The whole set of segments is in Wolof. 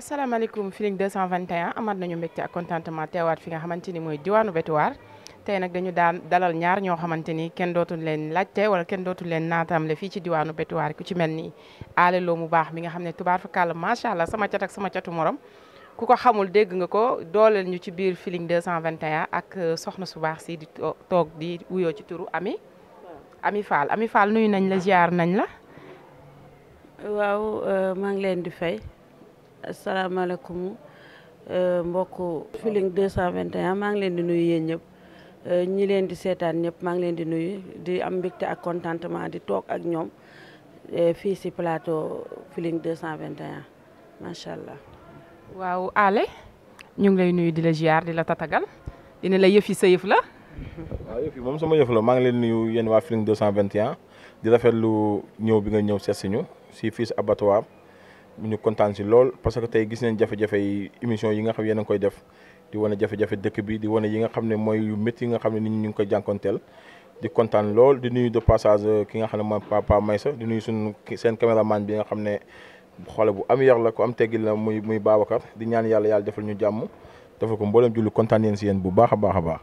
asalaamaaleykum Feeling 221 amaat nañu mbégte ak contentement teewaat fi nga xamante ni mooy diwaanu Betuwaar tey nag dañu daan dalal ñaar ñoo xamante ni kenn dootul leen laajte wala kenn dootul leen naataamle fii ci diwaanu Betuwaar ku ci mel ni Alé Lo mu baax mi nga xam ne tubaar fa kàll macha allah sama cat ak sama catu morom ku ko xamul dégg nga ko dooleel ñu ci biir Feeling 221 ak euh, soxna su baax si di toog di wuyoo ci turu Ami. Ami Fall Ami Fall nuy nañ la ziar nañ la. waaw euh, maa ngi leen di fay. alaikum. Euh, mbokku Feeling 221 maa ngi leen di nuyu yéen ñëpp euh, ñi leen di seetaan ñëpp di nuyu di am ak contentement di toog ak ñoom euh, fii plateau Feeling 221 macha allah. waaw Ale ñu ngi lay nuyu di la ziar di la tatagal dina la yëfi sa yëf la. waaw yëf moom sama la nuyu Feeling 221 di rafetlu ñëw bi nga ñëw si ñu si abattoir. ñu contane si lool parce que tay gis nañ jafe-jafe yi émission yi nga xam yeen def di wone jafe-jafe dëkk bi di wone yi nga xamné moy yu metti nga xamné kontel nit ngi koy jankontel di contane lool di nuyu de passage euh, ki nga xamné moy papa Maysa di nuyu sun sen cameraman bi nga xamné xolé bu am yar la ko am teggil la muy muy babakar di ñaan yalla yalla defal ñu jamm defal ko mbolam julli contane yeen ci yeen bu baaxa baaxa baax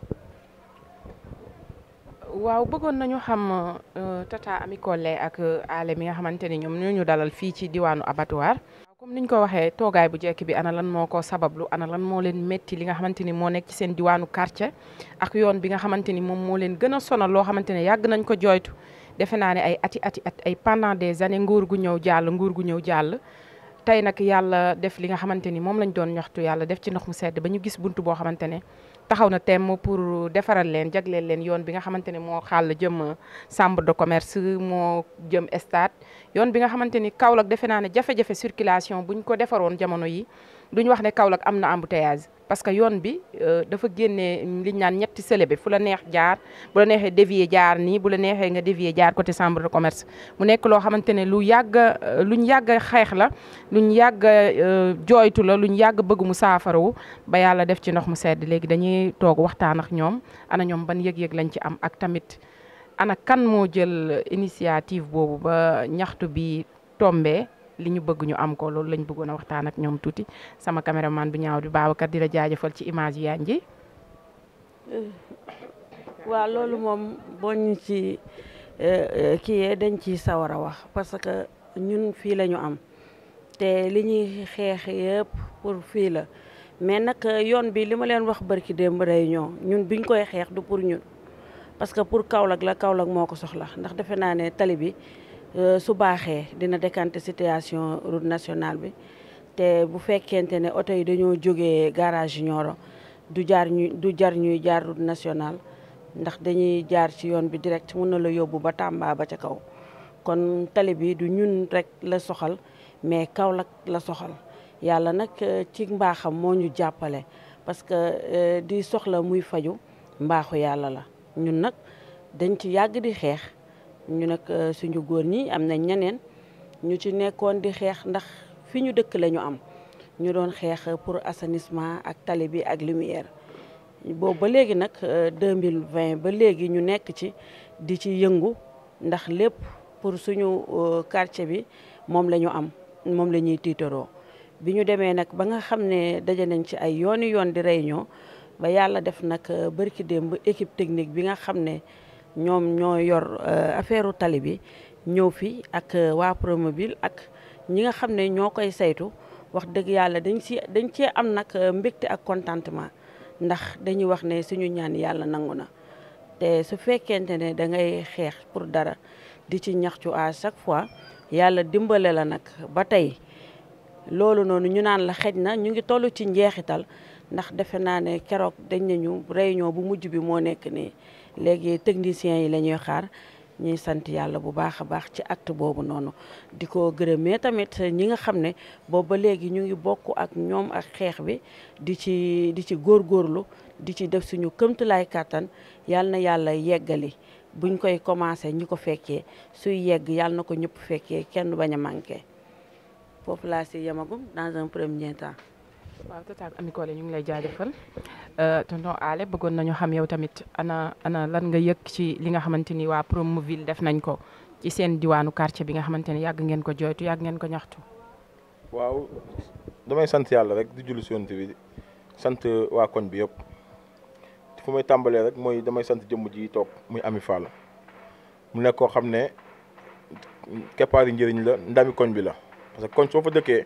waaw bëggoon nañu xam euh, tata amicole Collé ak euh, Ale mi nga xamante ni ñoom ñoo ñu dalal fii ci diwaanu abattoir. comme ñu ko waxee toogaay bu jekk bi ana lan moo ko sabablu ana lan moo leen métti li nga xamante ni moo nekk ci seen diwaanu quartier ak yoon bi nga xamante ni moom moo leen gën a sonal loo xamante ne yàgg nañ ko jooytu defe naa ne ay ati ati at ay pendant des années nguur gu ñëw jàll nguur gu ñëw jàll. tey nag yàlla def li nga xamante ni moom lañ doon ñaxtu yàlla def ci ndox mu sedd ba ñu gis bunt boo xamante ne taxaw na temm pour defaral leen jagleel leen yoon bi nga xamante ne moo xàll jëm chambre de commerce moo jëm stade yoon bi nga xamante ni Kaolack defe naa ne jafe-jafe circulation buñ ko defaroon jamono yi duñ wax ne Kaolack am na embouteillage parce que yoon bi euh, dafa génne liñ naan ñetti sële fu la neex jaar bu la neexee dévier jaar nii bu la neexee nga dévier jaar côté chambre de commerce mu nekk loo xamante ne lu yàgg euh, luñ yàgg xeex la luñ yàgg euh, jooytu la luñ yàgg bëgg mu saafarawu ba yàlla def ci ndox mu sedd léegi dañuy toog waxtaan ak ñoom ana ñoom ban yëg-yëg lañ ci am ak tamit ana kan moo jël initiative boobu ba ñaxtu bi tombé. li ñu bëgg ñu am ko loolu lañ bëggoon waxtaan ak ñoom tuuti sama cameraman bu ñaaw di Babacar di la jaajëfal ci image yaa ji waaw loolu moom boo ñu ci eh, eh, kii dañ ci sawar a wax parce que ñun fii la am te li ñuy xeex yëpp pour fii la mais nag yoon bi li ma leen wax barki démb réunion ñun biñ koy xeex du pour ñun parce que pour Kaolack la Kaolack moo ko soxla ndax defe naa ne tali bi Euh, su baaxee dina décanter situation route nationale bi te bu fekkente ne oto yi dañoo jógee garage Nioro du jaar du jar ñuy jaar route nationale ndax dañuy jaar ci yoon bi direct mën na la yóbbu ba tàmbaa ba ca kaw kon tali bi du ñun rek la soxal mais Kaolack la soxal yàlla nag euh, ci mbaaxam moo ñu jàppale parce que euh, di soxla muy faju mbaaxu yàlla la ñun nag dañ ci yàgg di xeex ñu nag euh, suñu góor ñi am na ñeneen ñu ci nekkoon di xeex ndax fi ñu dëkk lañu am ñu doon xeex pour assainissement ak tali bi ak lumière boobu ba léegi nag 2020 euh, ba léegi ñu nekk ci di ci yëngu ndax lépp pour suñu euh, quartier bi moom la ñu am moom la ñuy tiitaroo bi ñu demee nag ba nga xam ne daje nañ ci ay yooni yoon di réunion ba yàlla def nag bërki démb équipe technique bi nga xam ne ñoom ñoo yor euh, affaire tali bi ñëw fi ak euh, waa Promovilles ak ñi nga xam ne ñoo koy saytu wax dëgg yàlla dañ si dañ cee am nag euh, mbégte ak contentement ndax dañuy wax ne suñu ñaan yàlla nangu na te su fekkente ne da ngay xeex pour dara di ci ñaxtu à chaque fois yàlla dimbale la nag ba tey loolu noonu ñu naan la xej na ñu ngi toll ci njeexital ndax defe naa ne keroog dañ nañu réunion bu mujj bi moo nekk nii léegi techniciens yi lañuy xaar ñuy sant yàlla bu baax a baax ci acte boobu noonu di ko gërëmee tamit ñi nga xam ne boobu ba léegi ñu ngi bokk ak ñoom ak xeex bi di ci di ci góorgóorlu di ci def suñu këmtulaay kàttan yàlla na yàlla yeggali buñ koy commencé ñi ko fekkee suy yegg yàlla na ko ñëpp fekkee kenn bañ a manqué foofu laa si yemagum dans un premier temps waaw tata Ami Collé ñu ngi lay jaajëfal euh, tonton Allé bëggoon nañu xam yow tamit ana ana lan nga yëg ci li nga xamante ni waa Promoville def nañ ko ci seen diwaanu quartier bi nga xamante ni yàgg ngeen ko jooytu yàgg ngeen ko ñaxtu. waaw damay sant yàlla rek di julli si Yonent bi sant waa koñ bi yëpp fu may tàmbalee rek mooy damay sant jëmm ji toog muy Ami Fall mu nekk koo xam ne keppaari njëriñ la ndami koñ bi la parce que koñ soo fa dëkkee.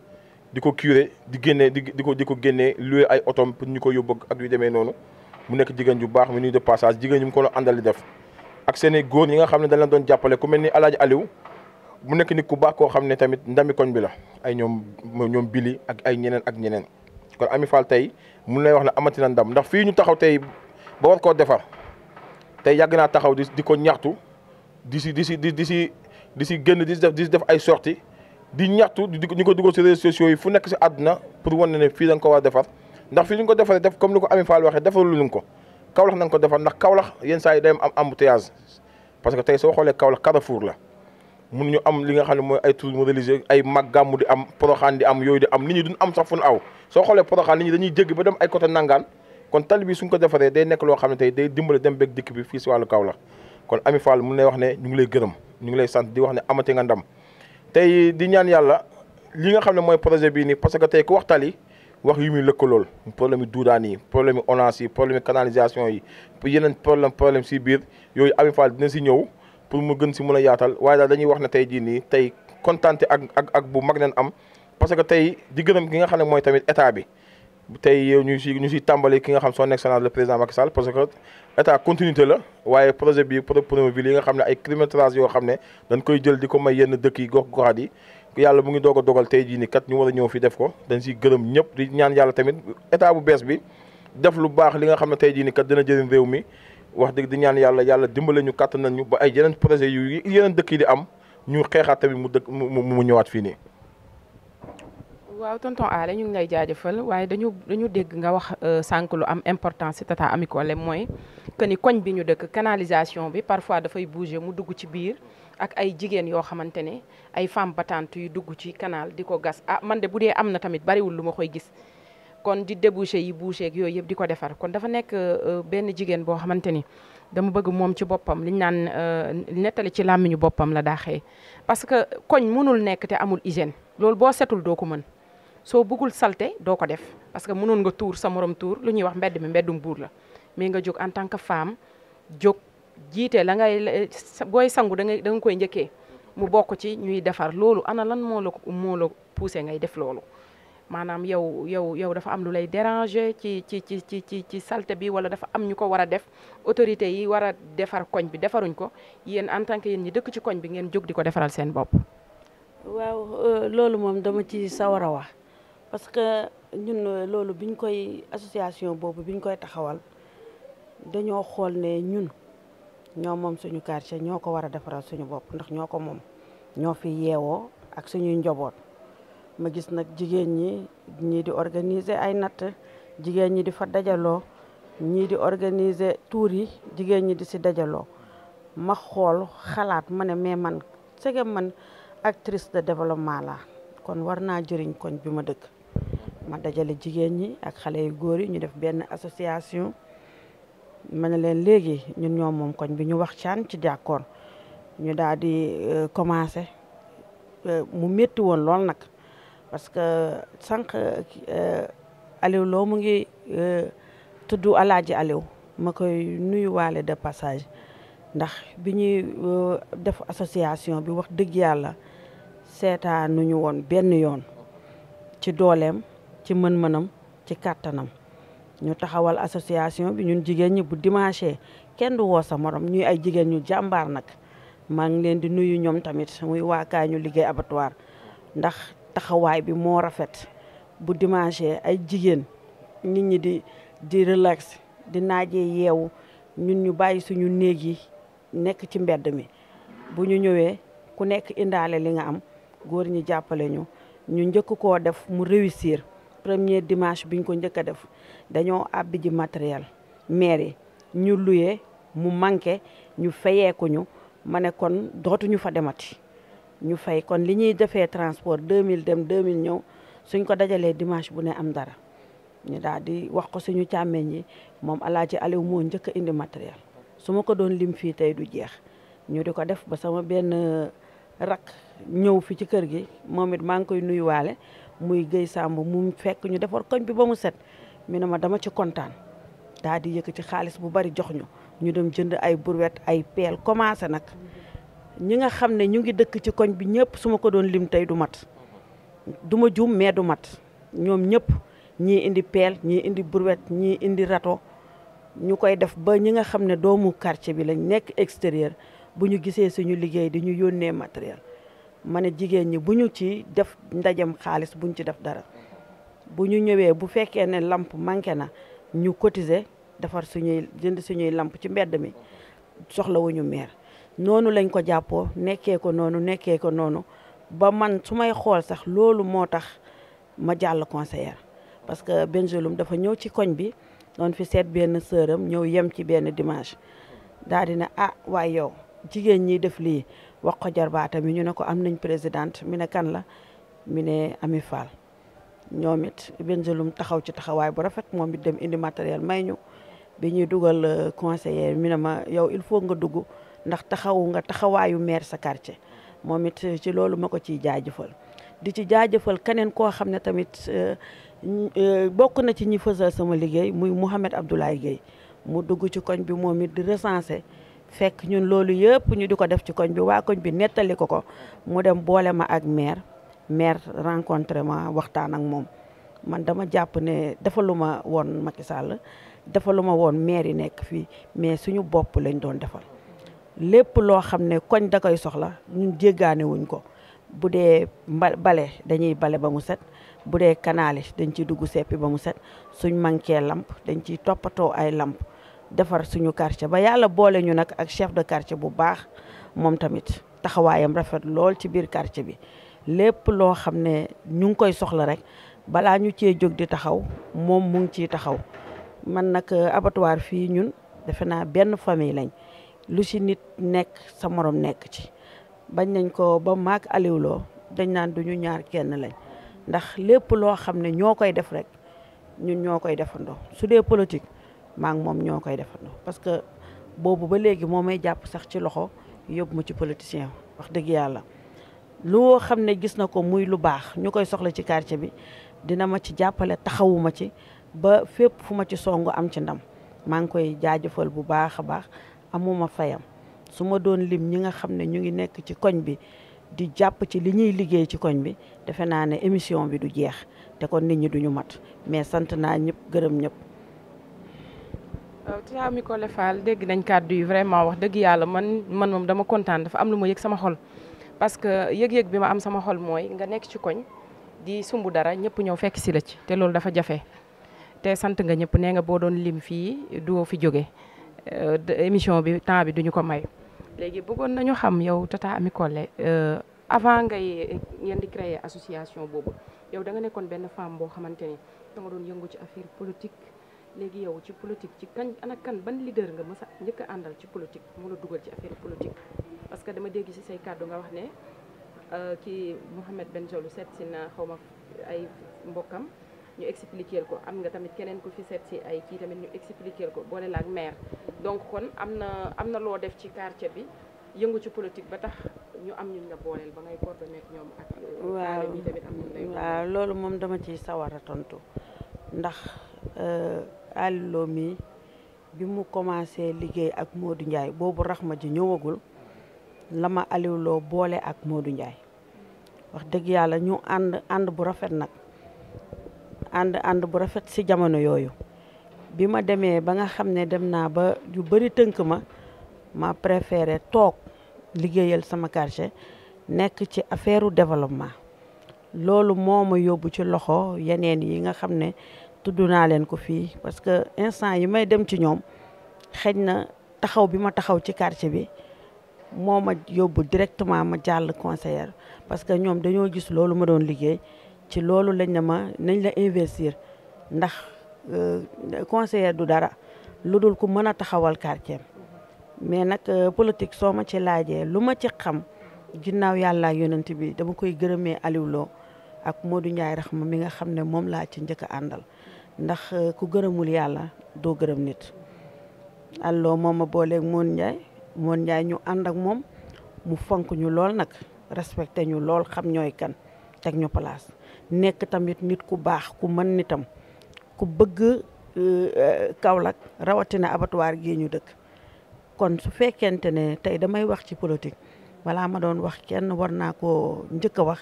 diko ko curé di génne di di ko di loué ay autom pour ñu ko yóbbu ak yu démé noonu mu nek jigéen ju bax mu de passage jigéen ñu ko lo di def ak seen goor yi nga xamné dañ la doon jappalé ku melni aladji Aliou mu nek nit ku baax ko xamné tamit ndami koñ bi la ay ñom ñom bili ak ay ñenen ak ñenen kon Ami Fall tay mu lay wax na amati na ndam ndax fi ñu taxaw tay ba war ko defar tay yàgg naa taxaw di di ñaxtu di si di si di si di def di def ay sortie di ñaxtu di ñu ko dugal si réseaux sociaux fu nekk si àdduna pour wane ne fii da a defar ndax fii li ñu ko defaree def comme ni ko Amy Fall waxee defarul luñ ko Kaolack nañ ko defar ndax Kaolack yenn saa day am embouteillage parce que tey soo xoolee Kaolack Carrefour la mun ñu am li nga xam ne mooy ay tourisme religieux ay mag gàmmu di am poroxaan di am yooyu di am nit ñi duñ am sax fu ñu aw soo xoolee poroxaan nit ñi dañuy jéggi ba dem ay côté nangaan kon tali bi suñ ko defaree day nekk loo xam ne tey day dimbale dem dikk bi fii si wàllu Kaolack kon Amy Fall mun lay wax ne ñu ngi lay gërëm ñu ngi lay sant di wax ne amati nga ndam tey di ñaan yàlla li nga xam ne mooy projet bii nii parce que tey ku wax tali wax yu muy lëkkalool problème yi duudaan yi problème yi ONAS yi problème yi canalisation yi yeneen problème problème si biir yooyu Ami Fall dina si ñëw pour mu gën si mun a yaatal waaye daal dañuy wax ne tey jii nii tey kontaante ak ak ak bu mag leen am parce que tey di gërëm gi nga xam ne mooy tamit état bi tey yow ñu si ñu si tàmbali ki nga xam son excellence le président Macky Sall parce que état continuité la waaye projet bi projet Promoville yi nga xam ne ay kilométrage yoo xam ne dañ koy jël di ko may yenn dëkk yi gox goxaat yi yàlla mu ngi doog a dogal tey jii ni kat ñu war a ñëw fi def ko dañ siy gërëm ñëpp di ñaan yàlla tamit état bu bees bi def lu baax li nga xam ne tey jii ni kat dana jëriñ réew mi wax dëgg di ñaan yàlla yàlla dimbale ñu kàttan nañu ba ay yeneen projet yu yeneen dëkk yi di am ñu xeexaat mu dëkk mu ñëwaat fii nii waaw tonton Allé ñu ngi lay jaajëfal waaye dañu dañu dégg nga wax euh, sànq lu am importance ci tata Ami Collé mooy que ni koñ bi ñu dëkk canalisation bi parfois dafay bouger mu dugg ci biir ak ay jigéen yoo xamante ne ay femmes battantes yu dugg ci canal di ko gas ah man de bu dee am na tamit bariwul lu ma koy gis kon di débouché yi bouché ak yooyu yëpp di ko defar kon dafa nekk euh, benn jigéen boo xamante ni dama bëgg moom ci boppam liñ naan euh, nettali ci làmmiñu boppam la daaxee parce que koñ mënul nekk amul hygiène loolu boo setul doo ko mën soo bëggul salte doo ko def parce que mënoon nga tuur sa morom tuur lu ñuy wax mbedd mi mbeddum buur la mais nga jóg en tant que jóg jiite la ngay booy sangu da ngay koy njëkkee mu bokk ci ñuy defar loolu ana lan moo la moo ngay def loolu maanaam yow yow yow dafa am lu lay déranger ci ci ci ci ci ci salte bi wala dafa am ñu ko war a def autorité yi war a defar koñ bi defaruñ ko yéen en tant que yéen ñi dëkk ci koñ bi ngeen jóg di ko defaral seen bopp waaw euh, loolu ci sawar a wax parce que ñun euh, loolu biñ koy association boobu biñ koy taxawal dañoo xool ne ñun ñoo moom suñu quartier ñoo ko war a defaral suñu bopp ndax ñoo ko moom ñoo fi yeewoo ak suñuy njaboot ma gis nag jigéen ñi ñii di organiser ay natt jigéen ñi di fa dajaloo ñii di organiser tuur yi jigéen ñi di si dajaloo ma xool xalaat ma ne mais man sege man actrice de développement la kon war naa jëriñ koñ bi ma dëkk ma dajale jigéen ñi ak xale yu góor yi ñu def benn association ma ne leen léegi ñun ñoom moom koñ bi ñu wax caan ci jàkkoon ñu daal di euh, commencé euh, mu métti woon lool nag parce que sànq euh, Aliou loo mu ngi tëddu alaaji Aliou ma koy nuyuwaale de passage ndax bi ñuy def association bi wax dëgg yàlla seetaanuñu woon benn yoon ci dooleem ci mën-mënam ci kàttanam ñu taxawal association bi ñun jigéen ñi bu dimanche kenn du woo sa morom ñuy ay jigéen ñu jàmbaar nag maa ngi leen di nuyu ñoom tamit muy waakaay ñu liggéey abattoir ndax taxawaay bi moo rafet bu dimanche ay jigéen nit ñi di di relax di naajee yeewu ñun ñu bàyyi suñu néeg yi nekk ci mbedd mi bu ñu ñëwee ku nekk indaale li nga am góor ñi jàppale ñu ñu njëkk koo def mu réussir premier dimanche ñu ko njëkk a def dañoo àbbi ji matériel mairie ñu luye mu manqué ñu fayee ko ñu ma ne kon dootuñu fa demati ñu fay kon li ñuy defee transport 2000 dem 2000 ñëw suñ ko dajalee dimanche bu ne am dara ñu daal di wax ko suñu càmmeñ yi moom ci Aliou moo njëkk a indi matériel su ma ko doon lim fii tey du jeex ñu di ko def ba sama benn rak ñëw fi ci kër gi moom it maa ngi koy nuyuwaale muy Guèye Samb mu fekk ñu defar koñ bi ba mu set mi ne ma dama ci kontaan daa di yëkk ci xaalis bu bari jox ñu ñu dem jënd ay brouette ay peel commencé nag ñi nga xam ne ñu ngi dëkk ci koñ bi ñëpp su ma ko doon lim tey du mat du ma juum mais du mat ñoom ñëpp ñii indi peel ñii indi brouette ñii indi rato ñu koy def ba ñi nga xam ne doomu quartier bi lañ nekk extérieur bu ñu gisee suñu liggéey di ñu yónnee matériel ma ne jigéen ñi bu ñu ci def ndajam xaalis buñ ci def dara bu ñu ñëwee bu fekkee ne lamp manqué na ñu cotiser defar suñuy jënd suñuy lamp ci mbedd mi soxlawuñu meer noonu lañ ko jàppoo nekkee ko noonu nekkee ko noonu ba man su may xool sax loolu moo tax ma jàll conseillère parce que Bengelum dafa ñëw ci koñ bi noonu fi seet benn sëram ñëw yem ci benn dimanche daal di ne ah waaye yow jigéen ñi def lii wax ko jarbaata yi ñu ne ko am nañ présidente mi ne kan la mi ne Ami Fall ñoom it lum taxaw ci taxawaay bu rafet moom it dem indi matériel may ñu bi ñuy dugal euh, conseiller mi ne ma yow il faut nga dugg ndax taxawu nga taxawaayu maire sa quartier moom it ci loolu ma ko ciy jaajëfal di ci jaajëfal keneen koo xam ne tamit euh, euh, bokk na ci ñi fësal sama liggéey muy Mouhamed Abdoulaye liggéey mu dugg ci koñ bi moom it di recensé fekk ñun loolu yëpp ñu di ko def ci koñ bi waa koñ bi nettali ko ko mu dem boole ma ak maire maire rencontré ma waxtaan ak moom man dama jàpp ne defaluma woon Macky Sall defaluma woon maire yi nekk fii mais suñu bopp lañ doon defal lépp loo xam ne koñ da soxla ñun jéggaane wuñ ko bu dee bale dañuy bale ba mu set bu dee canal dañ ci dugg seppi ba mu set suñ manqué lamp dañ ciy toppatoo ay lamp defar suñu quartier ba yàlla boole ñu nag ak chef de quartier bu baax moom tamit taxawaayam rafet lool ci biir quartier bi lépp loo xam ne ñu ngi koy soxla rek balaa ñu cee jóg di taxaw moom mu ngi ciy taxaw man nag euh, abattoir fii ñun defe naa benn famille lañ lu si nit nekk sa morom nekk ci bañ nañ ko ba maak aliwloo dañ naan duñu ñaar kenn lañ ndax lépp loo xam ne ñoo koy def rek ñun ñoo koy defandoo su dee politique maa moom ñoo koy defandoo parce que boobu ba léegi moo may jàpp sax ci loxo yóbbu ma ci politicien wax dëgg yàlla loo xam ne gis na ko muy lu baax ñu koy soxla ci karce bi dina ma ci jàppale taxawuma ci ba fépp fu ma ci songu am ci ndam maa ngi koy jaajëfal bu baax a baax amuma fayam su ma doon lim ñi nga xam ne ñu ngi nekk ci koñ bi di jàpp ci li ñuy liggéey ci koñ bi defe naa ne émission bi du jeex te kon nit ñi duñu mat mais sant naa ñëpp gërëm Euh, Tia Mikole Fall dégg nañ kàddu yi vraiment wax dëgg yàlla man man moom dama kontaan dafa am lu ma yëg sama xol parce que yëg-yëg bi ma am sama xol mooy nga nekk ci koñ di sumb dara ñëpp ñëw fekk si la ci te loolu dafa jafe te sant nga ñëpp nee nga boo doon lim fii duo fi jóge euh, émission bi temps bi duñu ko may léegi bëggoon nañu xam yow Tata Mikole euh, avant ngay ngeen di créer association boobu yow da nga nekkoon benn femme boo xamante ni da nga doon yëngu ci affaire léegi yow ci politique ci kañ ana kan ban leader nga mës a njëkk àndal ci politique mu la dugal ci affaire politique parce que dama dégg ci say kàddu nga wax ne euh, kii Mouhamed Bengelou seet si na xaw ma ay mbokkam ñu expliquer ko am nga tamit keneen ku fi seet si ay kii tamit ñu expliquer ko booleel ak maire donc kon am na am na loo def ci quartier bi yëngu ci politique ba tax ñu am ñun nga booleel ba ngay coordonné ak ñoom ak euh, waaw loolu moom dama ciy sawar a tontu ndax euh, Aliou Lo mii bi mu commencé liggéey ak Modou Ndiaye boobu ma ji ñëwagul la ma Aliou boole ak Modou njaay wax dëgg yàlla ñu ànd ànd bu rafet nag ànd ànd bu rafet si jamono yooyu bi ma demee ba nga xam ne dem naa ba yu bari tënk ma ma préféré toog liggéeyal sama quartier nekk ci affaire u développement loolu moo ma yóbbu ci loxo yeneen yi nga xam ne tudd naa leen ko fii parce que instant yi may dem ci ñoom xëj na taxaw bi ma taxaw ci quartier bi moo ma yóbbu directement ma jàll conseillère parce que ñoom dañoo gis loolu ma doon liggéey ci loolu lañ ne ma nañ la investir ndax euh, conseillère du dara lu dul ku mën a taxawal quartier mais nag euh, politique soo ma ci laajee lu ma ci xam ginnaaw yàlla ak yonent bi dama koy gërëmee Aliou Lo ak Modou Ndiaye Rahma mi nga xam ne moom laa ci njëkk a àndal ndax euh, ku gërëmul yàlla doo gërëm nit alloo moom ma booleeg moon njaay moon njaay ñu ànd ak moom mu fonk ñu lool nag respecté ñu lool xam ñooy kan teg ñu place nekk tamit nit ku baax ku man nitam ku bëgg euh, euh, Kaolack rawatina abatuwaar gii ñu dëkk kon su fekkente ne tey damay wax ci politique balaa ma doon wax kenn war naa ko njëkk a wax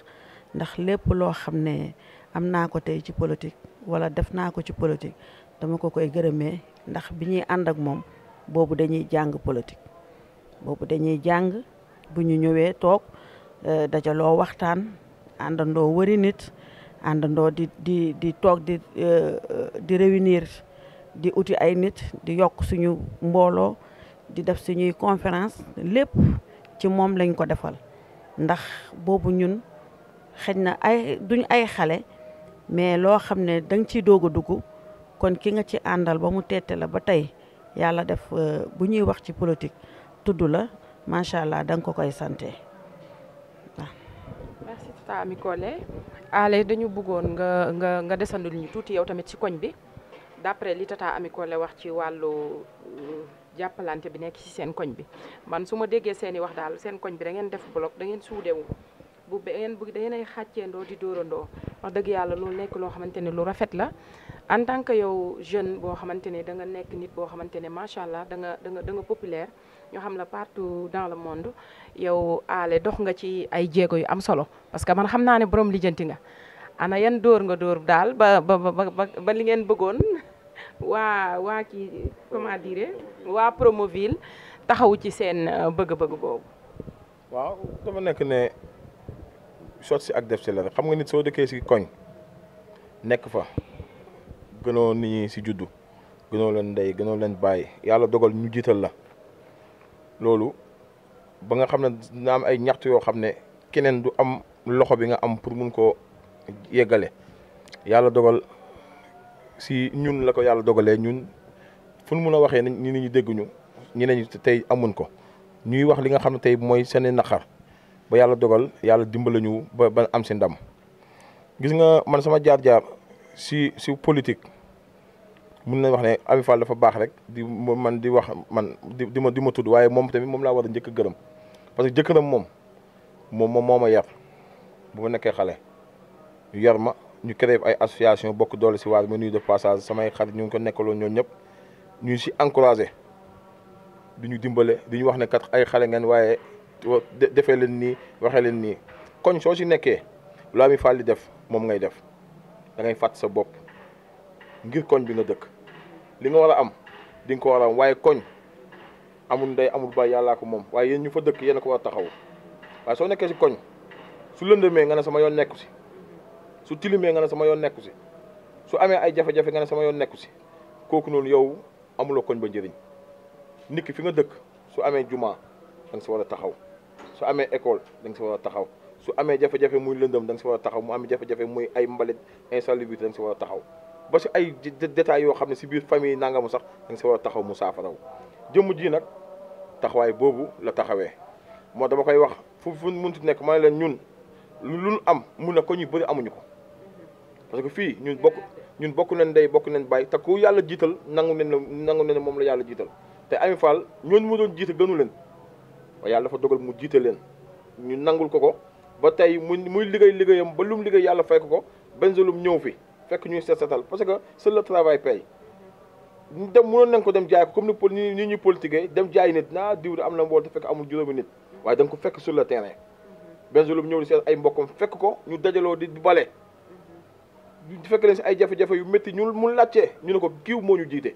ndax lépp loo xam ne am naa ko tey ci politique wala def naa ko ci politique dama ko koy gërëmee ndax bi ñuy ànd ak moom boobu dañuy jàng politique boobu dañuy jàng bu ñu ñëwee toog euh, dajaloo waxtaan àndandoo wëri nit àndandoo di di di toog di euh, euh, di réunir di uti ay nit di yokk suñu mbooloo di def suñuy conférence lépp ci moom lañ ko defal ndax boobu ñun xëj na ay duñ ay xale mais loo xam ne danga nga ciy doog a dugg kon ki nga ci àndal ba mu teete la ba tey yàlla def euh, bu ñuy wax ci politique tudd la macha allah da nga ko koy sante merci tata Ami ale dañu buggoon nga nga nga lu ñu tuuti yow tamit ci koñ bi d'après li tata Ami Collé wax ci wàllu euh, jàppalante bi nekk ci seen koñ bi man su ma déggee seen i wax daal seen koñ bi da ngeen def bloc da ngeen suudewu bu benen bu da yeen ay xàcceendoo di dóorandoo wax deug yalla loolu nek lo xamantene ne lu rafet la en tant que yow jeune bo xamantene da nga nek nit bo xamantene ne da nga da nga da nga populaire ñu xam la partout dans le monde yow aale dox nga ci ay jéego yu am solo parce que man xam naa ne borom nga ana yan dor nga dor dal ba ba ba ba li ngeen wa wa wa ki comment dire wa Promoville taxawu ci sen euh, bëgg-bëgg bobu waaw dama nek ne. sot si ak def si la rek xam nga nit soo dëkkee si koñ nekk fa gënoo nit ñi si juddu gënoo leen ndey gënoo leen bàyyi yàlla dogal ñu jiital la loolu ba nga xam ne dina am ay ñaxtu yoo xam ne keneen du am loxo bi nga am pour mun koo yeggale yàlla dogal si ñun la ko yàlla dogalee ñun fu nu mun a waxee ni nit ñi dégguñu ñeneen ñi tey amuñ ko ñuy wax li nga xam ne tey mooy seen naqar ba yàlla dogal yàlla dimbala ñu ba ba am si ndam gis nga man sama jaar-jaar si si politique mun nañ wax ne fa la dafa baax rek di man di wax man di ma di ma tudd waaye moom tamit moom laa war a njëkk a gërëm parce que jëkkëram moom moom moom moo ma yar bu ma nekkee xale yar ma ñu créé ay association bokk doole si waar ma nuyu de passage samay xarit ñu ngi ko nekkaloon ñoom ñëpp ñu si encouragé di ñu dimbale di ñu wax ne kat ay xale ngeen waaye defee leen nii waxee leen nii koñ soo ci nekkee loo mi fàlli def moom ngay def dangay ngay fàtt sa bopp ngir koñ bi nga dëkk li nga war a am di ko war a waaye koñ amul ndey amul baay yàllaa ko moom waaye yéen ñu fa dëkk yéen a ko war a taxaw waaye soo nekkee ci koñ su lëndëmee nga ne sama yoon nekku si su tilimee nga ne sama yoon nekku si su amee ay jafejafe nga ne sama yoon nekku si kooku noonu yow amuloo koñ ba njëriñ nit ki fi nga dëkk su amee jumaa da nga si war a taxaw su amee école da si war a taxaw su amee jafe-jafe muy lëndëm da si war a taxaw mu amee jafe-jafe muy ay mbalit insalubrité da nga si war a taxaw ba si ay détails yoo xam ne si biir famille nangamu sax da nga si war a taxaw mu saafaraw jëmm ji nag taxawaay boobu la taxawee moo daba koy wax fu fu munti nekk ma ne leen ñun lu lu am mu na ko ñu bëri amuñu ko parce que fii ñun bokk ñun bokk nañ dey bokk nen bàyyi te ku yàlla jiital nangu nañ ne nangu nañ ne moom la yàlla jiital te Ami Fall ñooñu mu doon jiite gënu leen waaye yàlla dafa dogal mu jiite leen ñu nangul ko ko ba tey muy muy liggéey liggéeyam ba lum liggéey yàlla fekk ko Benzaloum ñëw fi fekk ñuy seet seetal parce que seul le travail paye ñu dem mënoon nañ ko dem jaay ko comme ni ñu ni ñuy politiqué dem jaay nit naa diwri am na mbool te fekk amul juróomi nit waaye danga ko fekk sur le terrain mhm. Benzaloum ñëw di seet ay mbokkam fekk ko ñu dajaloo di bale mhm. fekk leen si ay jafe-jafe yu métti ñu mu laajte ñu ne ko kiiw moo ñu jiite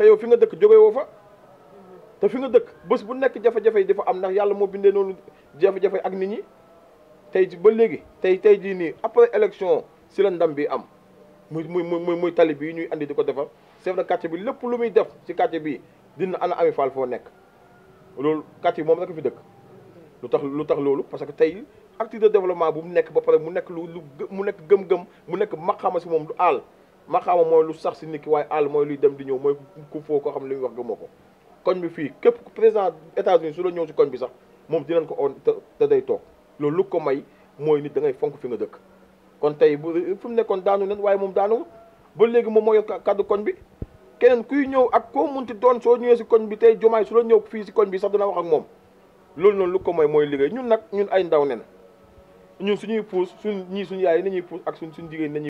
te yow fi nga dëkk jóge woo fa te fi nga dëkk bés bu nekk jafe-jafe yi dafa am ndax yàlla moo bindee noonu jafe-jafe ak nit ñi tey ba léegi tey tey jii nii après élection si la ndam bi am muy muy muy muy tali ñuy àndi di ko defar chef na quartier bi lépp lu muy def ci quartier bi dina ana Ami Fall foo nekk loolu quartier moom rek fi dëkk. lu tax lu tax loolu parce que tey acte développement bu mu nekk ba pare mu nekk lu lu mu nekk gëm-gëm mu nekk maqaama si moom du aal. maqaama mooy lu sax si nit ki waaye àll mooy luy dem di ñëw mooy ku foo koo xam ne li muy wax ko koñ bi fii képp président États-Unis su la ñëw si koñ bi sax moom dinañ ko on te day toog loolu lu ko may mooy nit da ngay fi nga dëkk kon tey bu fi mu nekkoon daanu leen waaye moom daanu ba léegi moom moo yor kàddu koñ bi keneen kuy ñëw ak koo munti doon soo ñëwee si koñ bi tey jomaay su la ñëw fii si koñ bi sax dana wax ak moom loolu noonu lu ko may mooy liggéey ñun nag ñun ay ndaw nen ñun suñuy puus suñ ñii suñu yaay nañuy puus ak suñ suñu jigéen nañuy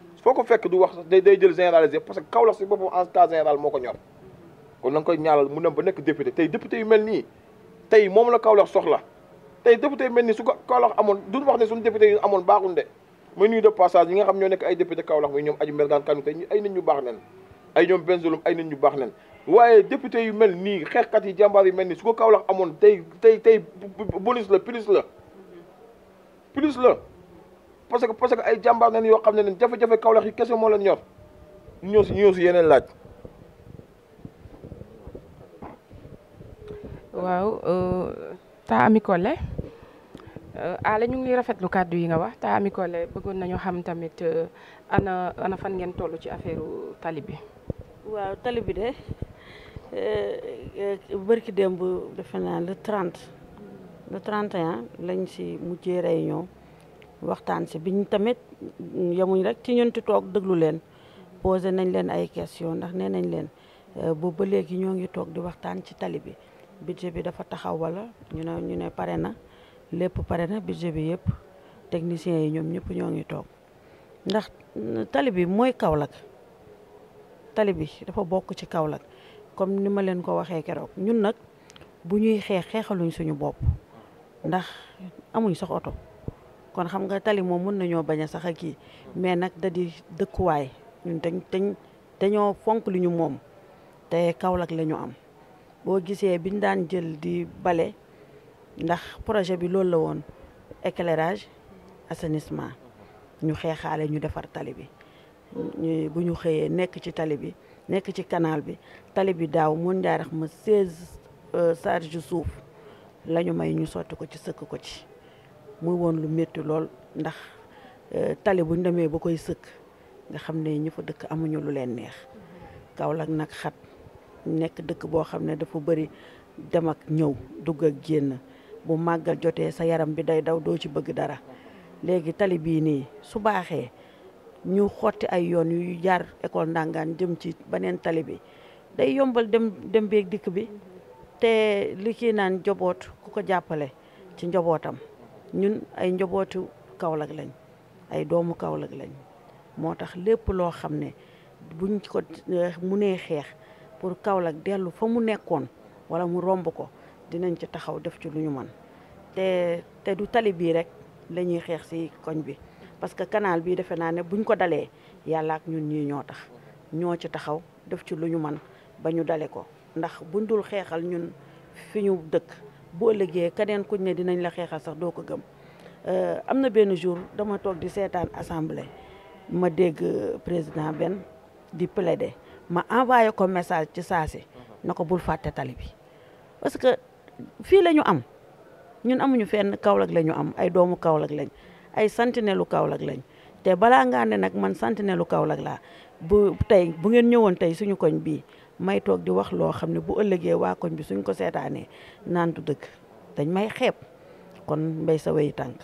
foo ko fekk du wax day day jël généraliser parce que kaolax ci boppam en cas général moko ñor kon nang koy ñaanal mu dem ba nek député tay député yu melni tay mom la kaolax soxla tay député melni su ko Kaolack amoon duñ wax ne suñu député yu amon baaxul de may nuyu de passage yi nga xam ñoo nek ay député kaolax muy ñom aji melgan kanu tay ay nit ñu bax nen ay ñom benzulum ay nit ñu bax nen waye député yu melni xex kat yi jambar yu melni su ko Kaolack amoon tay tay tey bonus la plus la plus la parce que parce que ay jàmbaar nañ yoo xam ne ne jafe-jafe Kaolack yi kese moo leen ñor ñu ñëw si ñu ñëw si yeneen laaj. waaw euh, taa Ami Collé euh, Alé ñu ngi rafetlu kàddu yi nga wax taa Ami Collé bëggoon nañu xam tamit euh, ana fan ngeen toll ci affaire tali bi. waaw tali de bërki démb defe naa le 30 le 31 lañ si mujjee réunion. waxtaan si biñ tamit yemuñ rek ci ñun ti toog déglu leen posé nañ leen ay question ndax nee nañ leen euh, boobu ba léegi ñoo ngi toog di waxtaan ci tali bi budget bi dafa taxaw wala ñu ne ñu ne pare na lépp pare na budget bi yëpp techniciens yi ñoom ñëpp ñoo ngi toog ndax euh, talibi mooy Kaolack tali bi dafa bokk ci Kaolack comme ni ma leen ko waxee keroog ñun nag bu ñuy xeex xeexaluñ suñu bopp ndax amuñ sax oto kon xam nga tali moom mun nañoo bañ a sax ak kii mais nag da di dëkkuwaay ñun dañ dañ dañoo fonk li ñu moom te Kaolack la am boo gisee biñ daan jël di bale ndax projet bi loolu la woon éclairage assainissement ñu xeexaale ñu defar tali bi bu ñu xëyee nekk ci tali bi nekk ci kanaal bi tali bi daaw mun njaarax ma seize euh, charge suuf la ñu may ñu sotti ko ci sëkk ko ci muy won lu metti lol ndax eh, tali buñ démé bakoy koy sëkk nga xamné ñu fa dëkk amuñu lu leen neex Kaolack nak xat nek dëkk bo xamné dafa bëri dem ak ñëw dug ak genn bu màggal joté sa yaram bi day daw do ci bëgg dara légui tali bini ni su baxé ñu xoti ay yoon yu jaar école ndangaan dem ci benen tali bi day yombal dem dem beeg dikk bi te li ki naan jobot ku ko jappalé ci njobootam ñun ay njabootu Kaolack lañ ay doomu Kaolack lañ moo tax lépp loo xam ne buñ ko eh, mu nee xeex pour Kaolack dellu fa mu nekkoon wala mu romb ko dinañ ci taxaw def ci lu ñu man te te du tali bii rek la xeex ci koñ bi parce que canal bii defe naa ne buñ ko dalee yàlla ñun ñii ñoo tax ñoo ci taxaw def ci lu ñu mën ba ñu dale ko ndax buñ dul xeexal ñun fi ñu dëkk boo liggéey keneen kuñ ne dinañ la xeexal sax doo ko gëm euh, am na benn jour dama toog di seetaan assemblée ma dégg euh, président benn di plaider ma envoyé ko message ci saasi na ko bul fàtte tali bi parce que fii la ñu am ñun amuñu fenn Kaolack lañu am ay doomu Kaolack lañ ay santinelu Kaolack lañ te balaa ngaa ne nag man santinelu Kaolack laa bu tey bu ngeen ñëwoon tey suñu koñ bii may toog di wax loo xam ne bu ëllëgee waa koñ bi suñ ko seetaanee naan du dëkk dañ may xeeb kon mbay sa wey tànk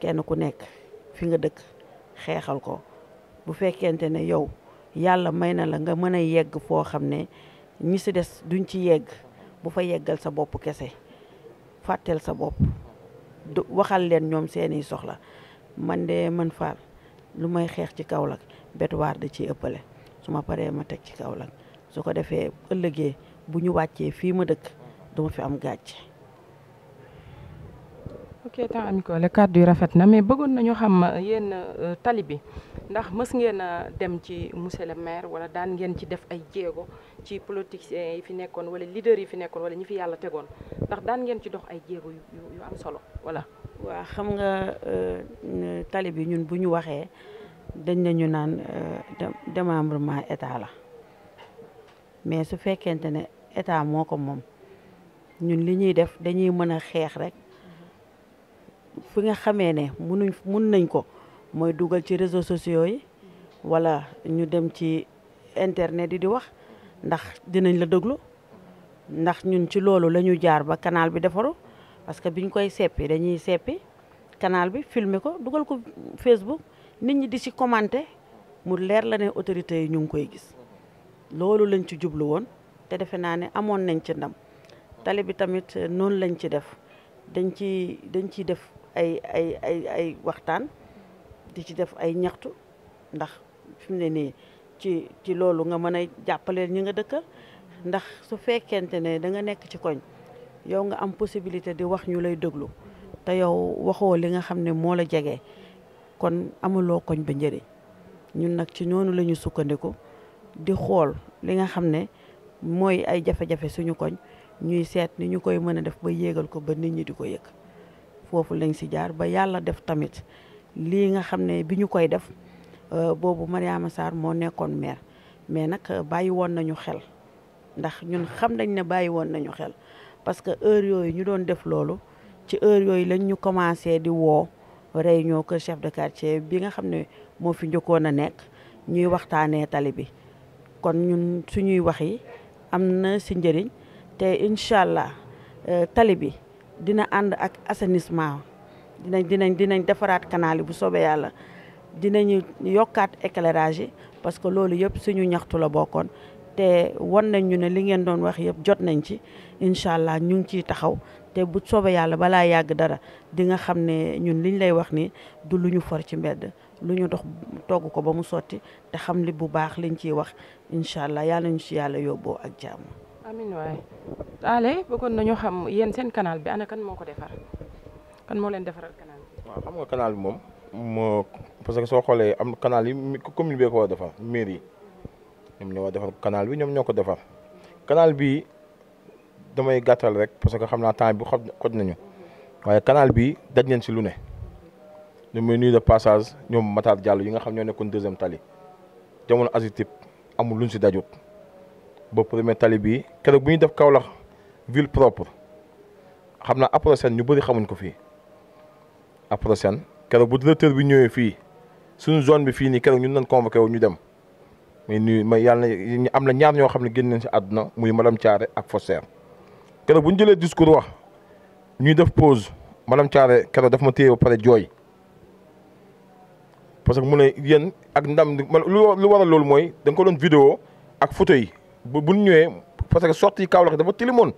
kenn ku nekk fi nga dëkk xeexal ko bu fekkente ne yow yàlla may na la nga mën a yegg foo xam ne ñi si des duñ ci yegg bu fa yeggal sa bopp kese fàtteel sa bopp du waxal leen ñoom seeni soxla man de man faal lu may xeex ci Kaolack waar da ci ëppale su ma paree ma teg ci Kaolack su ko defee ëllëgee bu ñu wàccee fii ma dëkk duma fi am gàcce. ok tant ami ko le kàddu yi rafet na mais bëggoon nañu xam euh, yéen euh, tali bi ndax mës ngeen a dem ci monsieur le maire wala daan ngeen ci def ay jéego ci politiciens yi fi nekkoon wala leaders yi fi nekkoon wala ñi fi yàlla tegoon ndax daan ngeen ci dox ay jéego yu am solo wala waa xam nga euh, tali ñun bu ñu waxee dañ nañu naan démembrement état la. mais su fekkente ne état moo ko moom ñun li ñuy def dañuy mën a xeex rek fi nga xamee ne munuñ mun nañ ko mooy dugal ci réseaux sociaux yi wala ñu dem ci internet yi di wax ndax dinañ la déglu ndax ñun ci loolu la ñu jaar ba kanaal bi defaru parce que biñ koy seppi dañuy seppi canal bi filmer ko dugal ko Facebook nit ñi di ci commenter mu leer la ne autorités yi ñu ngi koy gis loolu lañ ci jublu woon te defe naa ne amoon nañ ci ndam tali bi tamit euh, noonu lañ ci def dañ ci dañ ciy def ay ay ay ay waxtaan di ci def ay ñaxtu ndax fi mu ne nii ci ci loolu nga mën a jàppaleel ñi nga dëkkal ndax su fekkente ne da nga nekk ci koñ yow nga am possibilité di wax ñu lay déglu te yow waxoo li nga xam ne moo la jege kon amuloo koñ ba njëriñ ñun nag ci noonu lañu sukkandiku di xool li nga xam ne mooy ay jafe-jafe suñu koñ ñuy seet ni ñu koy mën a def ba yéegal ko ba nit ñi di ko yëg foofu lañ si jaar ba yàlla def tamit lii nga xam ne bi ñu koy def euh, boobu Mariama Sarr moo nekkoon maire mais nag euh, bàyyi woon nañu xel ndax ñun xam dañ ne bàyyi woon nañu xel parce que heure yooyu ñu doon def loolu ci heure yooyu lañ ñu commencé di woo réunion kër chef de quartier bi nga xam ne moo fi njëkkoon a nekk ñuy waxtaanee tali bi kon ñun suñuy wax yi am na si njëriñ te incha allah euh, tali bi dina ànd ak assainissement dinañ dinañ dinañ defaraat kanaali bu soobee yàlla dinañu yokkaat éclairage yi parce que loolu yëpp suñu ñaxtu la bokkoon te won nañ ñu ne li ngeen doon wax yëpp jot nañ ci incha allah ñu ngi ciy taxaw te bu soobee yàlla balaa yàgg dara di nga xam ne ñun liñ lay wax ni du lu ñu for ci mbedd lu ñu dox togg ko ba mu sotti te xam li bu baax liñ ci wax incha allah yal nañu si yàlla yóbboo ak jàmm. amiin waay Alé bëggoon nañu xam yéen seen kanaal bi ana kan moo ko defar kan moo leen defaral canal bi. bi moom moo parce que soo xoolee am canal yi commune bi ko war a defar mairie ñoom ñoo war a bi ñoom ñoo ko defar canal bi damay gàttal rek parce que xam naa temps bi xoj nañu waaye canal bi daj nañ si lu ne ñu muy nuyu de passage ñoom Matar Diallo yi nga xam ñoo nekkoon deuxième tali jamono Azutip. amul luñ ci dajut ba premier tali bi. keroog bu def kaolax ville propre xamna naa ñu bari xamuñ ko fii Aprosène kéro bu directeur bi ñëwé fi suñu zone bi ñun nañ wu ñu dem mais na am la ñaar ño xamni nañ ci aduna muy madame tiaré ak fosser kéro bu ñu discours wax def pause madame tiaré kéro daf ma ba joy. parce que ak ndam lu waral loolu mooy danga ko doon vidéo ak photo bu bu ñëwee parce que sortie Kaolack dafa tilimoon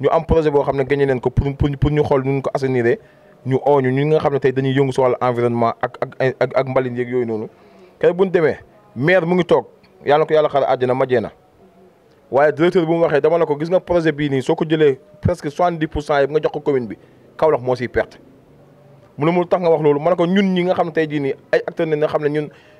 ñu am projet boo xam ne gagné leen ko pour pour ñu xool ñu ko assainir ñu oo ñu ñun nga xam ne dañuy yëngu si wàllu environnement ak yooyu noonu. bu ñu demee maire mu ngi toog yàlla na yàlla xaar àjjana majee na waaye directeur bu mu waxee dama la ko gis nga projet bii nii soo ko jëlee presque soixante-dix pour cent ko commune bi Kaolack moo siy wax loolu ma ne ko ñun ñi nga xam ne tey jii nii ay acteurs ne nga xam ne ñun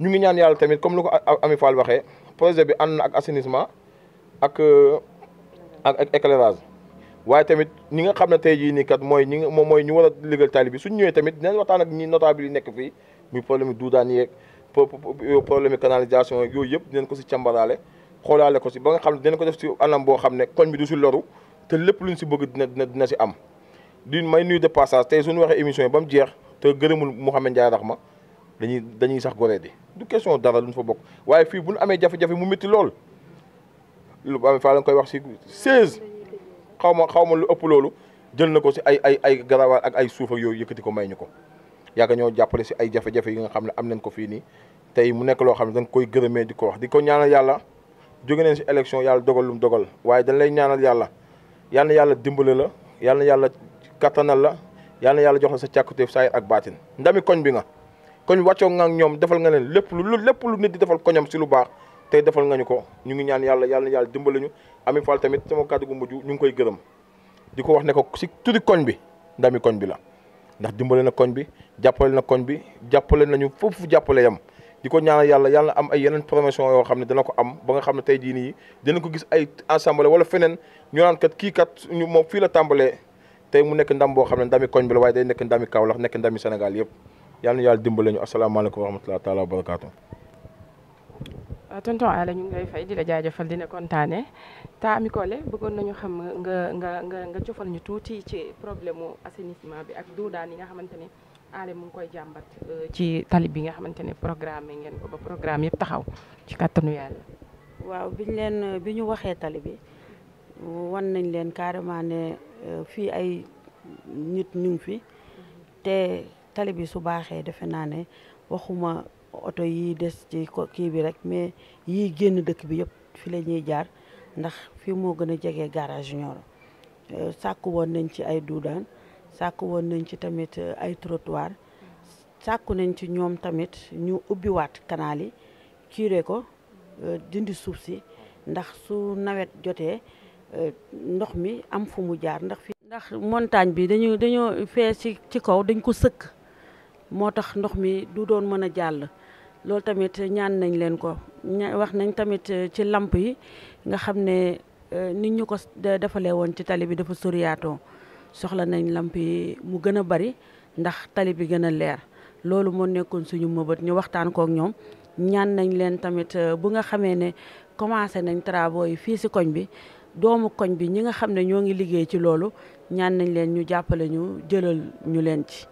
ñu ngi ñaan yàlla tamit comme lu ko Ami Fall waxee projet bi ànd na ak assainissement euh, ak ak éclairage waaye tamit ñi nga xam ne tey jii nii kat mooy ñi nga moom mooy ñu war a liggéeyal taali bi suñu ñëwee tamit dinañ waxtaan ak ñi notable yi nekk fii muy problème duudaan yeeg euh, problème canalisation yooyu yëpp dinañ ko si càmbaraale xoolaale ko si ba nga xam ne dinañ ko def si anam boo xam ne koñ bi du si loru te lépp luñ si bëgg dina dina dina si am di may nuyu de passage tey suñu waxee émission yi ba mu jeex te gërëmul Mouhamed Ndiaye Rahma dañuy dañuy sax goree di du question dara lu ñu fa bokk waaye fii bu nu amee jafe-jafe mu métti lool lu ba faa la koy wax si 16 xaw ma xaw ma lu ëpp loolu jël na ko si ay ay ay garawaal ak ay suuf ak yooyu yëkkati ko may ñu ko yàgg ñoo jàppale si ay jafe-jafe yi nga xam ne am nañ ko fii nii tey mu nekk loo xam ne danga koy gërëmee di ko wax di ko ñaanal yàlla jóge nañ si élection yàlla dogal lum dogal waaye dañ lay ñaanal yàlla yal yàlla dimbale la yal yàlla kattanal la yal yàlla jox sa càkkutéef saayir ak baatin ndami koñ bi nga kon wàccoo nga ñom defal nga len lepp lu lepp lu nit di defal koñam ci lu baax tay defal nga ñuko ko ñu ngi ñaan yalla yalla yalla dimbali ñu Ami Fall tamit sama kaddu gu muju ñu ngi koy gëreem di ko wax ne ko si tudi koñ bi ndami koñ bi la ndax na koñ bi jàppale na koñ bi jàppale nañu fofu jappale yam di ko yalla yalla am ay yeneen promotion yo xamne dana ko am ba nga xamne tay tey jii dina ko gis ay assemblée wala fenen ñu naan kat ki kat ñu mo fi la tambalé tay mu nek ndam bo xamne ndami koñ bi la way day nek ndami nek ndami senegal yépp yàlla na yàlla dimbale ñu asalaamaaleykum wa rahmatulah taala wa ah, tonton Alla ñu ngi lay fay di la jaajëfal dina kontaane ta mi Kole bëggoon nañu xam nga nga nga nga jofal ñu tuuti ci problème mu assainissement bi ak duudaan yi nga xamante ne Alla mu ngi koy jàmbat euh, ci tali bi nga xamante ne programme ngeen ko ba programme yëpp taxaw ci kattanu yàlla. waaw biñ leen bi ñu waxee tali bi wan nañ leen carrément ne euh, ay nit ñu ngi fi te. tali bi su baaxee defe naa ne waxuma oto yi des ci kii bi rek mais yi génn dëkk bi yëpp fi la ñuy jaar ndax fii moo gën a jege garage Nioro euh, sàkku woon nañ ci ay duudaan sàkku woon nañ ci tamit euh, ay trottoir sàkku nañ ci ñoom tamit ñu ubbiwaat kanaal yi curé ko euh, dindi suuf si ndax su nawet jotee ndox mi am fu mu jaar ndax fi ndax montagne bi dañu dañoo fee ci ci kaw dañ ko sëkk moo tax ndox mi du doon mën a jàll loolu tamit ñaan nañ leen ko wax nañ tamit eh, ci làmp yi nga xam ne eh, nit ñu ko defalee woon ci tali bi dafa soriyaatoo soxla nañ lamp yi mu gën a bari ndax tali bi gën a leer loolu moo nekkoon suñu mëbët ñu waxtaan kook ñoom ñaan nañ leen tamit eh, bu nga xamee ne commencé nañ travaux yi fii si koñ bi doomu koñ bi ñi nga xam ne ñoo ngi liggéey ci loolu ñaan nañ leen ñu jàppale ñu jëlal ñu leen ci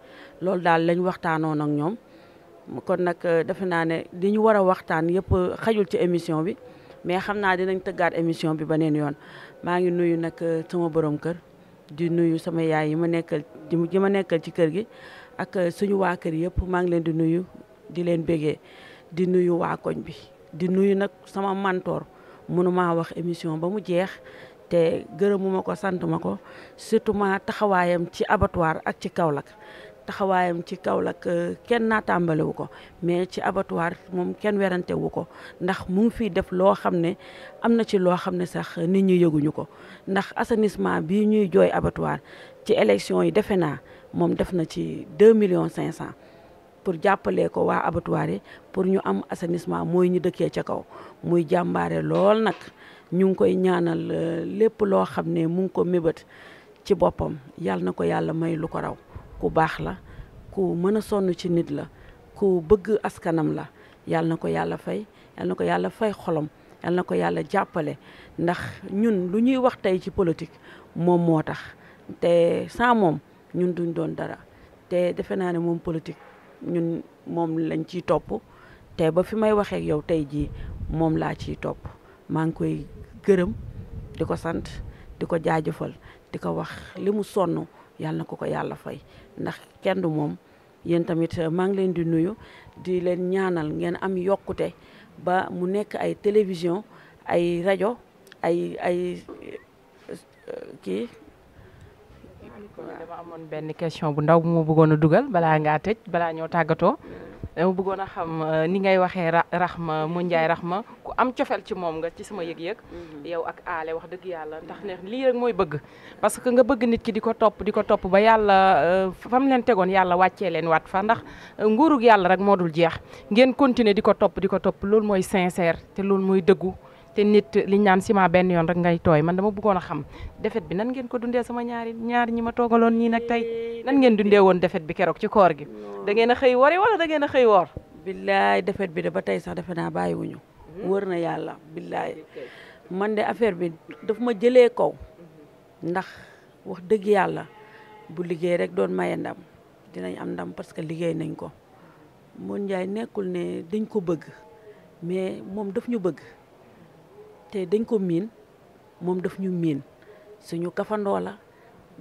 loolu daal lañ waxtaanoo nag ñoom kon nag euh, defe naa ne di ñu war a waxtaan yëpp euh, xajul ci émission bi mais xam naa dinañ tëggaat émission bi beneen yoon maa ngi nuyu nag euh, sama borom kër di nuyu sama yaay yi ma nekkal yi ma nekkal ci kër gi ak suñu waa kër yëpp maa ngi leen di nuyu di leen bégee di nuyu waa koñ bi di nuyu nag sama mentor maa wax émission ba mu jeex te gërëmuma ko sant ma ko surtout ma taxawaayam ci abattoir ak ci Kaolack taxawaayam ci Kaolack euh, kenn naa wu ko mais ci abattoir moom kenn werante wu ko ndax mu fii def loo xam ne am na ci loo xam ne sax nit ñi yëguñu ko ndax assainissement bi ñuy jooy abattoir ci élection yi defe naa moom def na ci deux millions cinq cent pour jàppale ko waa abattoir yi pour ñu am assainissement mooy ñu dëkkee ca kaw muy jàmbaare lool nag ñu ngi koy ñaanal euh, lépp loo xam ne mu ngi ko mébét ci boppam yàlla na ko yàlla may lu ko raw bu baax la ku mën a sonn ci nit la ku bëgg askanam la yàlla na ko yàlla fay yàlla ko yàlla fay xolom yàlla na ko yàlla jàppale ndax ñun lu ñuy wax tey ci politique moom moo tax te sans moom ñun duñ doon dara te defe naa ne moom politique ñun moom lañ ciy topp te ba fi may waxee yow tey jii moom laa ciy topp maa ngi koy gërëm di ko sant di ko jaajëfal di ko wax li mu sonn yàlla na ko ko yàlla fay ndax kenn du moom yéen tamit euh, maa ngi leen di nuyu di leen ñaanal ngeen am yokkute ba mu nek ay télévision ay radio ay ay euh, kii. dama amone benn question bu ndaw bu ma bëggoon a dugal balaa ngaa tëj balaa ñoo tàggatoo. dama bëggoon a xam euh, ni ngay waxee ma mu rax ma ku am cofeel ci moom nga ci sama yëg-yëg. Mhm. yow ak aale wax dëgg yàlla ndax ne lii rek mooy bëgg. parce que nga bëgg nit ki di ko topp di ko topp ba yàlla euh, fam leen tegoon yàlla wàccee leen waat fa ndax euh, nguurug yàlla rek moo dul jeex ngeen continuer di ko topp di ko topp loolu mooy sincère te loolu mooy dëggu. te nit li ñaan sima ben yon rek ngay toy man dama bëggoon xam defet bi nan ngeen ko dundé sama ñaari ñaar ñima togalon ñi nak tay nan ngeen dundé won defet bi kérok ci koor gi da ngeen a xëy wori wala da ngeen defet bi da ba tay sax defena naa wuñu wërna yalla billahi man dé affaire bi daf ma jëlé ko ndax wax dëgg yalla bu liggéey rek doon maye ndam dinañ am ndam parce que liggéey nañ ko Mon nekul ne dañ ko bëgg mais mom daf ñu bëgg te dañ ko miin moom daf ñu miin suñu kafandoo la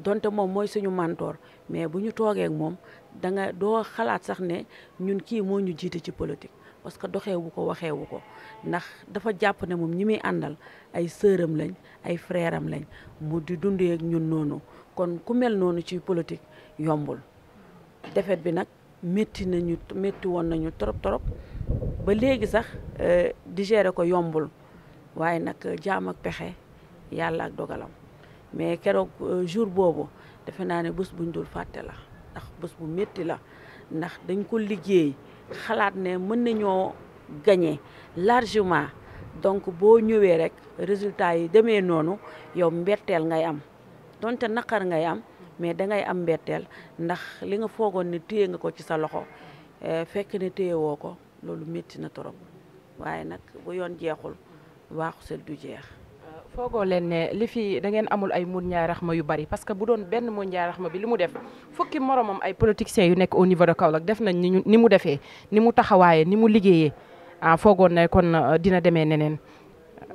donte moom mooy suñu mentor mais bu ñu toogee moom da nga doo xalaat sax ne ñun kii moo ñu jiite ci politique parce que doxeewu ko waxeewu ko ndax dafa jàpp ne moom ñi muy àndal ay sëram lañ ay frère lañ mu di dundeek ñun noonu kon ku mel noonu ci politique yombul defet bi nag métti nañu métti woon nañu trop trop ba léegi sax euh, digérer ko yombul waaye nag jaam ak pexe yàlla ak dogalam mais keroog euh, jour boobu defe naa ne bés buñ dul fàtte la ndax bés bu métti la ndax dañ ko liggéey xalaat ne mën nañoo gagné largement donc boo ñëwee rek résultat yi demee noonu yow mbetteel ngay am donte naqar ngay am mais dangay am mbetteel ndax li nga foogoon ne téye nga ko ci sa loxo euh, fekk ne téye woo ko loolu métti na torop waaye nag bu yoon jeexul waaxu sel du jeex. foogoo leen ne li fi da ngeen amul ay mun ñaay raxma yu bari parce que bu doon benn mun ñaay raxma bi li mu def fukki moromam ay politiciens yu nekk au niveau de Kaolack def nañ ni ni mu defee ni mu taxawaaye ni mu liggéeyee ah foogoon ne kon euh, dina demee neneen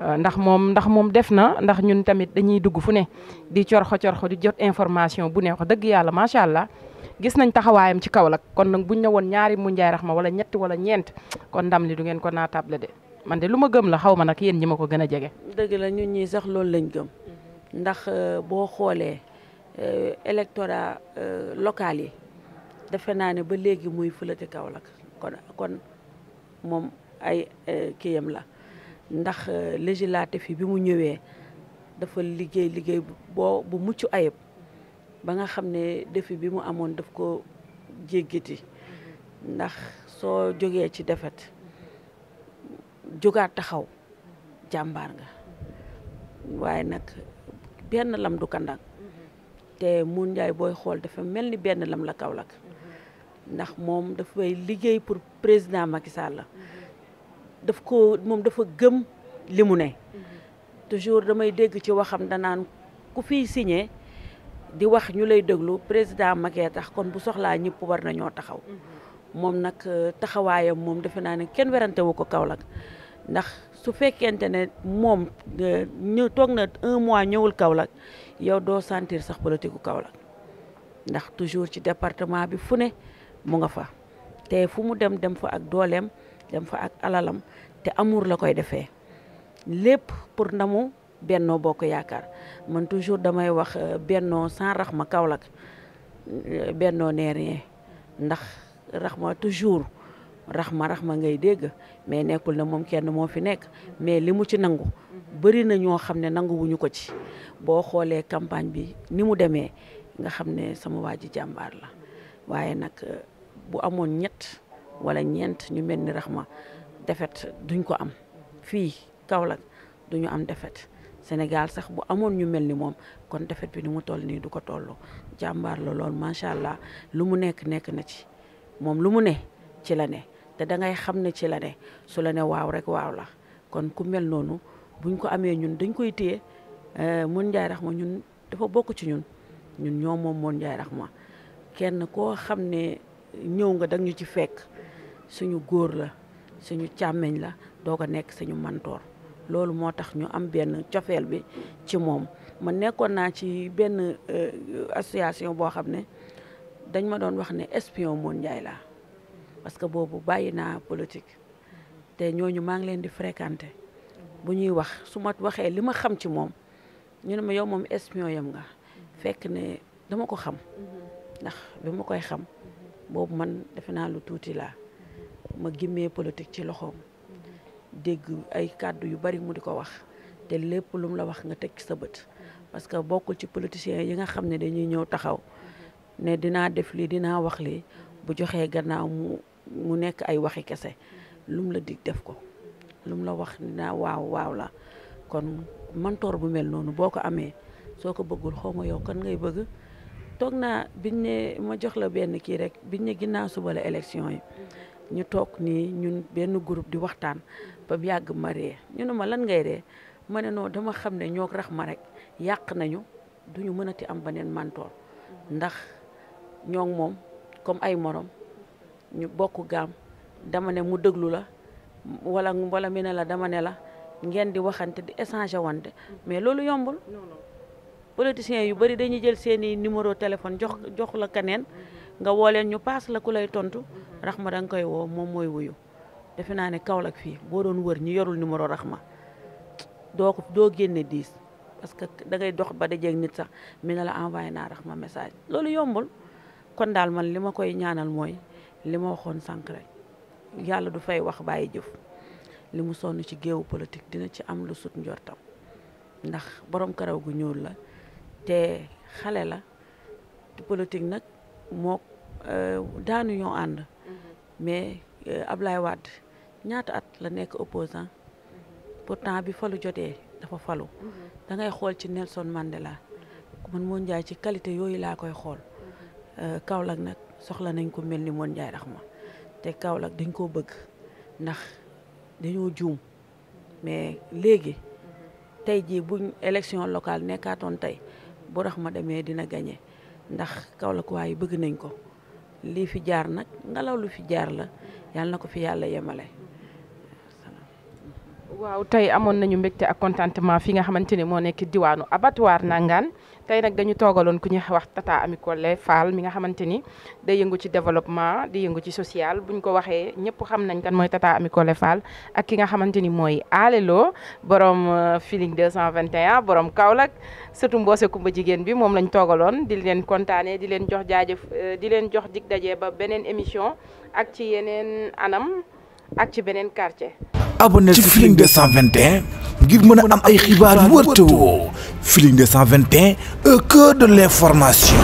euh, ndax moom ndax moom def na ndax ñun tamit dañuy dugg fu ne di cor corxo di jot information bu ne wax dëgg yàlla macha allah gis nañ taxawaayam ci Kaolack kon nag buñ ne woon ñaari mun ñaay raxma wala ñetti wala ñeent kon ndam li du ngeen ko naatable de. man de lu ma gëm la xaw ma nag yéen ñi ma ko gën a jege. dëgg la ñun ñii sax loolu lañ gëm. Mhm. ndax euh, boo xoolee euh, électorat euh, local yi defe naa ne ba léegi muy fulati Kaolack kon kon moom ay kiyam la ndax législatif yi bi mu ñëwee dafa liggéey liggéey boo bu mucc ayib ba nga xam ne défi bi mu amoon daf ko jéggiti mhm. ndax soo jógee ci defet jógaat taxaw jàmbaar nga waaye nag benn lam du kandang te mun njaay booy xool dafa mel ni benn lam la Kaolack ndax moom dafay liggéey pour président Macky Sall la daf ko moom dafa gëm li mu ne toujours damay dégg ci waxam danaan ku fiy signé di wax ñu lay déglu président Macky tax kon bu soxlaa ñëpp war nañoo taxaw moom nag taxawaayam moom defe naa ne kenn werante wu ko Kaolack ndax su fekkente ne moom euh, ñëw toog na un mois ñëwul Kaolack yow doo sentir sax politique gu ndax toujours ci département bi fu ne mu nga fa te fu mu dem dem fa ak dooleem dem fa ak alalam te amur la koy defee lépp pour ndamu Benno Bokk Yaakaar man toujours damay wax euh, Benno sans Rahma Kaolack euh, Benno n'est rien ndax Rahma toujours raxma raxma ngay dégg mais nekkul na moom kenn moo fi nekk mais li mu ci nangu bëri na ñoo xam ne nanguwuñu ko ci boo xoolee campagne bi ni mu demee nga xam ne sama waa ji jàmbaar la waaye nag bu amoon ñett wala ñeent ñu mel ni raxma defet duñ ko am fii Kaolack duñu am defet Sénégal sax bu amoon ñu mel ni moom kon defet bi ni mu toll nii du ko toll jàmbaar la lool macha allah lu mu nekk nekk na ci moom lu mu ne ci la ne te da ngay xam ne ci la ne su la ne waaw rek waaw la kon ku mel noonu buñ ko amee ñun dañ koy téye eh, mën njaay ma ñun dafa bokk ci ñun ñun ñoo moom mun njaay raxma kenn koo xam ne ñëw nga dag ñu ci fekk suñu góor la suñu càmmeñ la doo ko nekk suñu mantoor loolu moo tax ñu am benn cofeel bi ci moom ma nekkoon naa ci benn eh, association boo xam ne dañ ma doon wax ne espion Moon Njaay laa parce que boobu bàyyi naa politique te ñooñu maa ngi leen di fréquenter bu ñuy wax su ma waxee li ma xam ci moom ñu ne ma yow moom espion yam nga fekk ne dama ko xam ndax bi ma koy xam boobu man defe naa lu tuuti laa ma gimmee politique ci loxoom dégg ay kàddu yu bari mu di ko wax te lépp lu la wax nga teg sa bët parce que bokkul ci politiciens yi nga xam ne dañuy ñëw taxaw ne dinaa def lii dinaa wax lii bu joxee gannaaw mu mu nekk ay waxi kese lum la dig def ko lum la wax naa waaw waaw la kon mentor bu mel noonu boo ko amee soo ko bëggul xaw ma yow kan ngay bëgg toog naa biñ ne ma jox la benn kii rek biñ ne ginnaaw suba la élection yi ñu toog nii ñun benn groupe di waxtaan ba yàgg ma ree ñu ne ma lan ngay ree ma ne noo dama xam ne ñoo rax ma rek yàq nañu duñu mënati am beneen mentor ndax ñoo moom comme ay morom ñu bokk gaam dama ne mu déglu la wala wala mi ne la dama ne la ngeen di waxante di échanger wante mais loolu yombul politiciens yu bëri dañuy jël seeni numéro téléphone jox jox la keneen nga woo leen ñu paas la ku lay tontu raxma da nga koy woo moom mooy wuyu defe naa ne Kaolack fii boo doon wër ñu yorul numéro raxma doo ko doo génne diis que da ngay dox ba dajeeg nit sax mi ne la envoyé naa message loolu yombul kon daal man li ma koy ñaanal mooy li ma waxoon sànq rek yàlla du fay wax bàyyi jëf li mu sonn ci géewu politique dina ci am lu sut njortam ndax borom karaw gu ñuul la te xale la politique nag moo euh, daanu ñoo ànd mm-hmm. mais euh, ab lay wàdd ñaata at la nekk opposant mm-hmm. pourtant bi falu jotee dafa falu mm-hmm. da ngay xool ci Nelson Mandela man moo njaay ci qualité yooyu laa koy xool Euh, Kaolack nag soxla nañ ko mel ni moon Njaay Raxma te Kaolack dañ koo bëgg ndax dañoo juum mais léegi tey jii buñ élection locale nekkaatoon tey bu Raxma demee dina gañe ndax Kaolack waaye bëgg nañ ko lii fi jaar nag ngelaw lu fi jaar la yàlla na ko fi yàlla yemale waaw tey amoon nañu mbégte ak contentement fi nga xamante ni moo nekk diwaanu abatuwaar Nangaan tey nag dañu toogaloon ku ñu wax Tata Amy Collé Fall mi nga xamante ni day yëngu ci développement di yëngu ci social buñ ko waxee ñëpp xam nañ kan mooy Tata Amy Collé ak ki nga xamante ni mooy Alelo borom euh, Feeling 221 borom Kaolack surtout mboose kumba jigéen bi moom lañ toogaloon di leen kontaanee di leen jox jaajëf euh, di leen jox dig daje ba beneen émission ak ci yeneen anam. ak ci beneen quartier. abonné ci Feeling 221 ngir mën a am ay xibaar yu wër te woo Feeling 221 un euh, cœur de l'information.